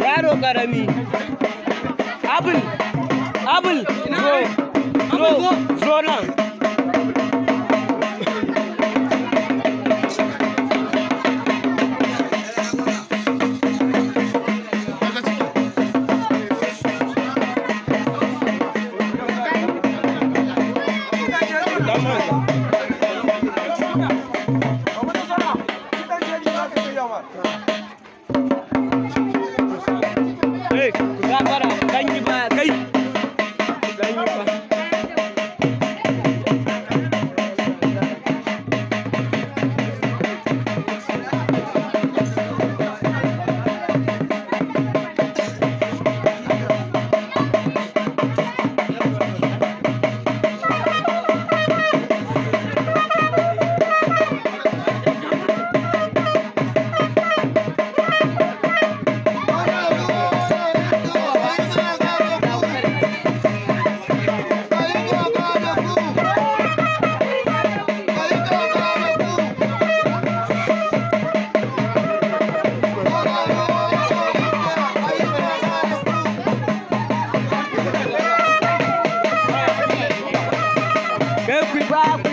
Yaro ƙarami. Hadi gel var. every ride.